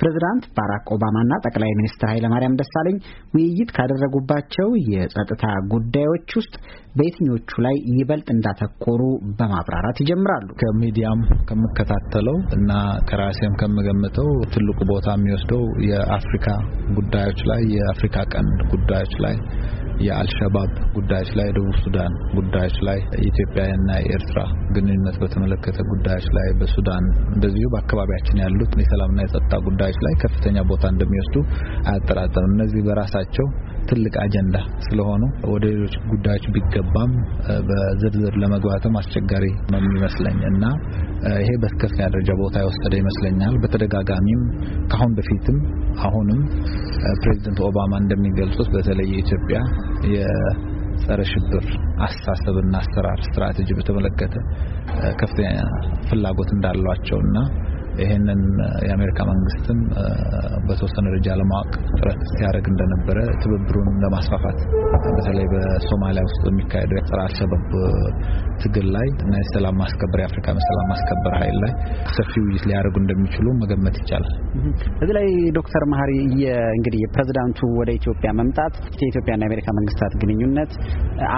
ፕሬዝዳንት ባራክ ኦባማና ጠቅላይ ሚኒስትር ኃይለማርያም ደሳለኝ ውይይት ካደረጉባቸው የጸጥታ ጉዳዮች ውስጥ በየትኞቹ ላይ ይበልጥ እንዳተኮሩ በማብራራት ይጀምራሉ። ከሚዲያም ከምከታተለው እና ከራሴም ከምገምተው ትልቁ ቦታ የሚወስደው የአፍሪካ ጉዳዮች ላይ የአፍሪካ ቀንድ ጉዳዮች ላይ የአልሸባብ ጉዳዮች ላይ፣ የደቡብ ሱዳን ጉዳዮች ላይ፣ የኢትዮጵያና የኤርትራ ግንኙነት በተመለከተ ጉዳዮች ላይ፣ በሱዳን እንደዚሁ በአካባቢያችን ያሉት የሰላምና የጸጥታ ጉዳዮች ላይ ከፍተኛ ቦታ እንደሚወስዱ አያጠራጠርም። እነዚህ በራሳቸው ትልቅ አጀንዳ ስለሆኑ ወደ ሌሎች ጉዳዮች ቢገባም በዝርዝር ለመግባትም አስቸጋሪ ነው የሚመስለኝ እና ይሄ በከፍተኛ ደረጃ ቦታ የወሰደ ይመስለኛል። በተደጋጋሚም ከአሁን በፊትም አሁንም ፕሬዚደንት ኦባማ እንደሚገልጹት በተለይ የኢትዮጵያ የጸረ ሽብር አስተሳሰብና አሰራር ስትራቴጂ በተመለከተ ከፍተኛ ፍላጎት እና ይህንን የአሜሪካ መንግስትም በተወሰነ ደረጃ ለማወቅ ጥረት ሲያደርግ እንደነበረ ትብብሩን ለማስፋፋት በተለይ በሶማሊያ ውስጥ በሚካሄደው የጸረ አልሸባብ ትግል ላይ እና የሰላም ማስከበር የአፍሪካ ሰላም ማስከበር ኃይል ላይ ሰፊ ውይይት ሊያደርጉ እንደሚችሉ መገመት ይቻላል። እዚህ ላይ ዶክተር መሀሪ እንግዲህ የፕሬዚዳንቱ ወደ ኢትዮጵያ መምጣት የኢትዮጵያና የአሜሪካ መንግስታት ግንኙነት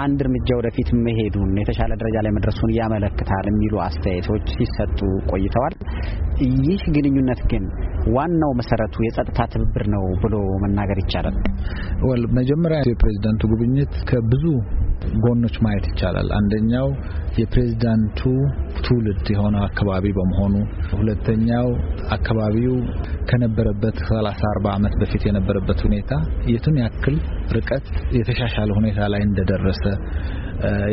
አንድ እርምጃ ወደፊት መሄዱን የተሻለ ደረጃ ላይ መድረሱን ያመለክታል የሚሉ አስተያየቶች ሲሰጡ ቆይተዋል። ይህ ግንኙነት ግን ዋናው መሰረቱ የጸጥታ ትብብር ነው ብሎ መናገር ይቻላል። ወል መጀመሪያ የፕሬዚዳንቱ ጉብኝት ከብዙ ጎኖች ማየት ይቻላል። አንደኛው የፕሬዝዳንቱ ትውልድ የሆነ አካባቢ በመሆኑ፣ ሁለተኛው አካባቢው ከነበረበት 30 40 ዓመት በፊት የነበረበት ሁኔታ የቱን ያክል ርቀት የተሻሻለ ሁኔታ ላይ እንደደረሰ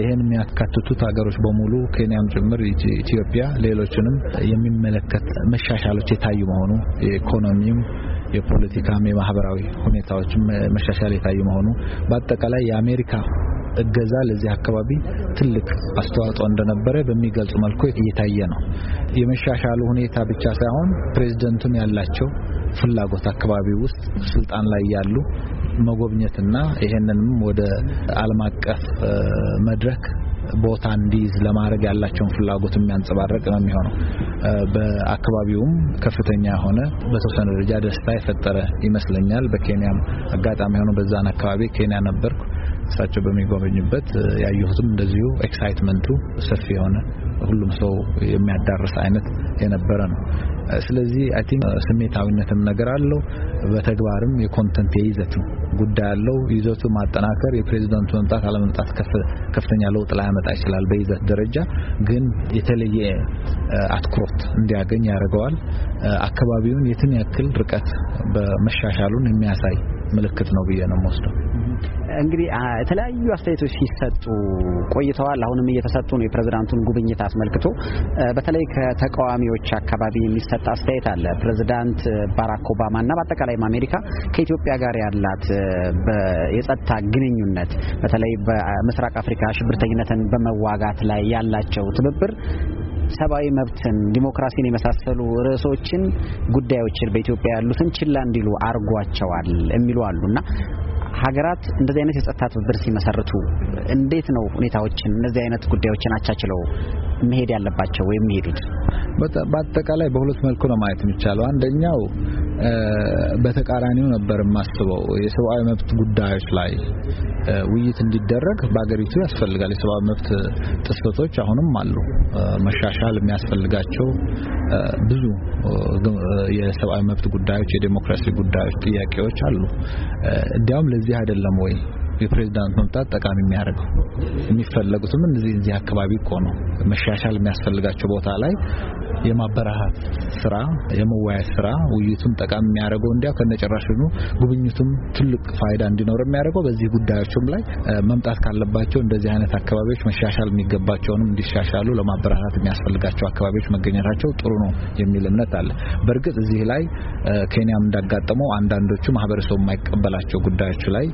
ይህን የሚያካትቱት ሀገሮች በሙሉ ኬንያም ጭምር ኢትዮጵያ፣ ሌሎችንም የሚመለከት መሻሻሎች የታዩ መሆኑ የኢኮኖሚም የፖለቲካም የማህበራዊ ሁኔታዎችም መሻሻል የታዩ መሆኑ በአጠቃላይ የአሜሪካ እገዛ ለዚህ አካባቢ ትልቅ አስተዋጽኦ እንደነበረ በሚገልጽ መልኩ እየታየ ነው። የመሻሻሉ ሁኔታ ብቻ ሳይሆን ፕሬዝደንቱን ያላቸው ፍላጎት አካባቢ ውስጥ ስልጣን ላይ ያሉ መጎብኘትና ይሄንንም ወደ ዓለም አቀፍ መድረክ ቦታ እንዲይዝ ለማድረግ ያላቸውን ፍላጎት የሚያንጸባረቅ ነው የሚሆነው። በአካባቢውም ከፍተኛ የሆነ በተወሰነ ደረጃ ደስታ የፈጠረ ይመስለኛል። በኬንያም አጋጣሚ ሆኖ በዛን አካባቢ ኬንያ ነበርኩ። እሳቸው በሚጎበኙበት ያየሁትም እንደዚሁ ኤክሳይትመንቱ ሰፊ የሆነ ሁሉም ሰው የሚያዳርስ አይነት የነበረ ነው። ስለዚህ አይ ቲንክ uh, ስሜታዊነትም ነገር አለው። በተግባርም የኮንተንት የይዘት ጉዳይ አለው። ይዘቱ ማጠናከር የፕሬዚዳንቱ መምጣት አለመምጣት ከፍተኛ ለውጥ ላያመጣ ይችላል። በይዘት ደረጃ ግን የተለየ uh, አትኩሮት እንዲያገኝ ያደርገዋል። uh, አካባቢውን የትን ያክል ርቀት በመሻሻሉን የሚያሳይ ምልክት ነው ብዬ ነው የምወስደው። እንግዲህ የተለያዩ አስተያየቶች ሲሰጡ ቆይተዋል። አሁንም እየተሰጡ ነው። የፕሬዝዳንቱን ጉብኝት አስመልክቶ በተለይ ከተቃዋሚዎች አካባቢ የሚሰጥ አስተያየት አለ። ፕሬዝዳንት ባራክ እና በአጠቃላይም አሜሪካ ከኢትዮጵያ ጋር ያላት የጸጥታ ግንኙነት በተለይ በምስራቅ አፍሪካ ሽብርተኝነትን በመዋጋት ላይ ያላቸው ትብብር ሰብአዊ መብትን፣ ዲሞክራሲን የመሳሰሉ ርዕሶችን ጉዳዮችን በኢትዮጵያ ያሉትን ችላ እንዲሉ አርጓቸዋል የሚሉ አሉ እና ሀገራት እንደዚህ አይነት የጸጥታ ትብብር ሲመሰርቱ እንዴት ነው ሁኔታዎችን እነዚህ አይነት ጉዳዮችን አቻችለው መሄድ ያለባቸው ወይም የሚሄዱት? በአጠቃላይ በሁለት መልኩ ነው ማየት የሚቻለው። አንደኛው በተቃራኒው ነበር የማስበው። የሰብአዊ መብት ጉዳዮች ላይ ውይይት እንዲደረግ በሀገሪቱ ያስፈልጋል። የሰብአዊ መብት ጥሰቶች አሁንም አሉ። መሻሻል የሚያስፈልጋቸው ብዙ የሰብአዊ መብት ጉዳዮች፣ የዴሞክራሲ ጉዳዮች፣ ጥያቄዎች አሉ። እንዲያውም ለዚህ አይደለም ወይ የፕሬዚዳንት መምጣት ጠቃሚ የሚያደርገው የሚፈለጉትም እዚህ እዚህ አካባቢ እኮ ነው መሻሻል የሚያስፈልጋቸው ቦታ ላይ የማበረሃት ስራ፣ የመወያየት ስራ ውይይቱን ጠቃሚ የሚያደርገው እንዲያው ከነጨራሽ ጉብኝቱም ትልቅ ፋይዳ እንዲኖር የሚያደርገው በዚህ ጉዳዮችም ላይ መምጣት ካለባቸው እንደዚህ አይነት አካባቢዎች መሻሻል የሚገባቸውንም እንዲሻሻሉ ለማበረታት የሚያስፈልጋቸው አካባቢዎች መገኘታቸው ጥሩ ነው የሚል እምነት አለ። በእርግጥ እዚህ ላይ ኬንያም እንዳጋጠመው አንዳንዶቹ ማህበረሰቡ የማይቀበላቸው ጉዳዮች ላይ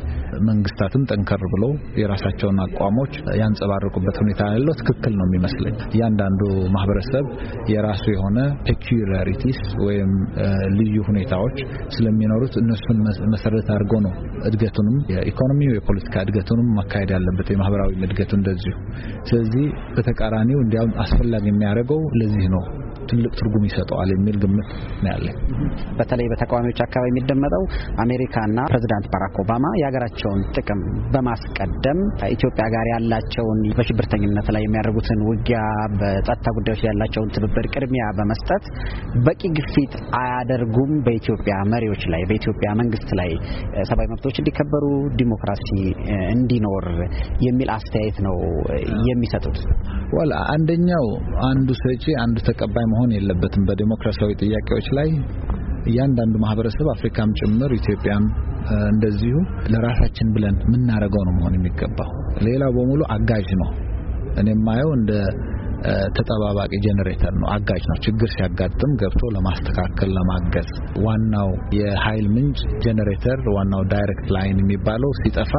መንግስታት አካላትም ጠንከር ብሎ የራሳቸውን አቋሞች ያንጸባርቁበት ሁኔታ ያለው ትክክል ነው የሚመስለኝ። እያንዳንዱ ማህበረሰብ የራሱ የሆነ ፔኩሊያሪቲስ ወይም ልዩ ሁኔታዎች ስለሚኖሩት እነሱን መሰረት አድርጎ ነው እድገቱንም የኢኮኖሚ የፖለቲካ እድገቱንም መካሄድ ያለበት የማህበራዊ እድገቱ እንደዚሁ። ስለዚህ በተቃራኒው እንዲያውም አስፈላጊ የሚያደርገው ለዚህ ነው። ትልቅ ትርጉም ይሰጠዋል የሚል ግምት ነው ያለኝ። በተለይ በተቃዋሚዎች አካባቢ የሚደመጠው አሜሪካና ፕሬዚዳንት ባራክ ኦባማ የሀገራቸውን ጥቅም በማስቀደም ኢትዮጵያ ጋር ያላቸውን በሽብርተኝነት ላይ የሚያደርጉትን ውጊያ፣ በጸጥታ ጉዳዮች ያላቸውን ትብብር ቅድሚያ በመስጠት በቂ ግፊት አያደርጉም በኢትዮጵያ መሪዎች ላይ በኢትዮጵያ መንግስት ላይ ሰብአዊ መብቶች እንዲከበሩ ዲሞክራሲ እንዲኖር የሚል አስተያየት ነው የሚሰጡት። ወላ አንደኛው አንዱ ሰጪ አንዱ ተቀባይ መሆን የለበትም። በዴሞክራሲያዊ ጥያቄዎች ላይ እያንዳንዱ ማህበረሰብ አፍሪካም ጭምር ኢትዮጵያም እንደዚሁ ለራሳችን ብለን የምናደርገው ነው መሆን የሚገባው። ሌላው በሙሉ አጋዥ ነው። እኔ የማየው እንደ ተጠባባቂ ጄኔሬተር ነው፣ አጋጭ ነው። ችግር ሲያጋጥም ገብቶ ለማስተካከል ለማገዝ። ዋናው የኃይል ምንጭ ጄኔሬተር፣ ዋናው ዳይሬክት ላይን የሚባለው ሲጠፋ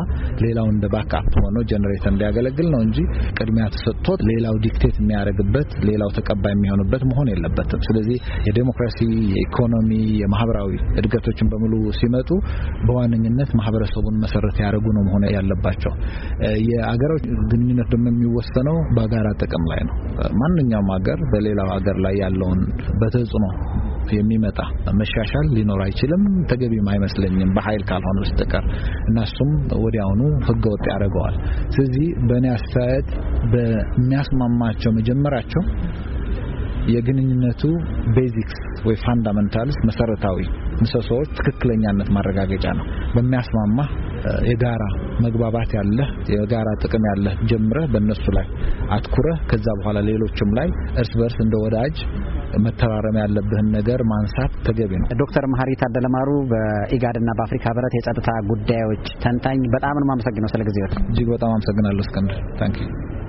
ሌላው እንደ ባክአፕ ሆኖ ጄኔሬተር እንዲያገለግል ነው እንጂ ቅድሚያ ተሰጥቶት ሌላው ዲክቴት የሚያደርግበት ሌላው ተቀባይ የሚሆንበት መሆን የለበትም። ስለዚህ የዴሞክራሲ የኢኮኖሚ፣ የማህበራዊ እድገቶችን በሙሉ ሲመጡ በዋነኝነት ማህበረሰቡን መሰረት ያደረጉ ነው መሆን ያለባቸው። የአገሮች ግንኙነት ደግሞ የሚወሰነው በጋራ ጥቅም ላይ ነው። ማንኛውም ሀገር በሌላው ሀገር ላይ ያለውን በተጽዕኖ የሚመጣ መሻሻል ሊኖር አይችልም፣ ተገቢም አይመስለኝም በኃይል ካልሆነ በስተቀር እና እሱም ወዲያውኑ ወጥ ያደርገዋል። ስለዚህ በእኔ አስተያየት በሚያስማማቸው መጀመራቸው የግንኙነቱ ቤዚክስ ወይ ፋንዳመንታልስ መሰረታዊ ምሰሶዎች ትክክለኛነት ማረጋገጫ ነው በሚያስማማ የጋራ መግባባት ያለህ የጋራ ጥቅም ያለህ ጀምረህ በእነሱ ላይ አትኩረህ ከዛ በኋላ ሌሎችም ላይ እርስ በርስ እንደ ወዳጅ መተራረም ያለብህን ነገር ማንሳት ተገቢ ነው። ዶክተር መሀሪ አደለማሩ በኢጋድና በአፍሪካ ህብረት የጸጥታ ጉዳዮች ተንታኝ፣ በጣም ነው የማመሰግነው ስለ ጊዜዎት። እጅግ በጣም አመሰግናለሁ እስክንድር ታንኪ